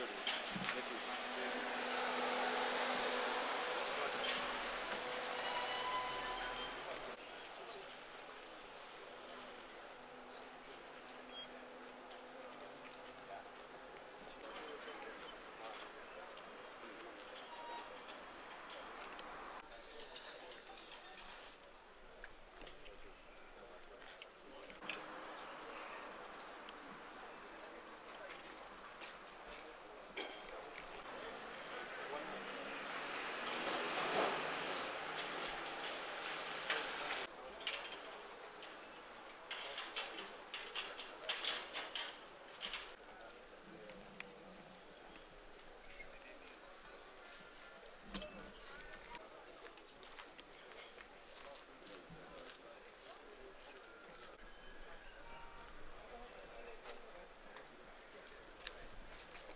Gracias.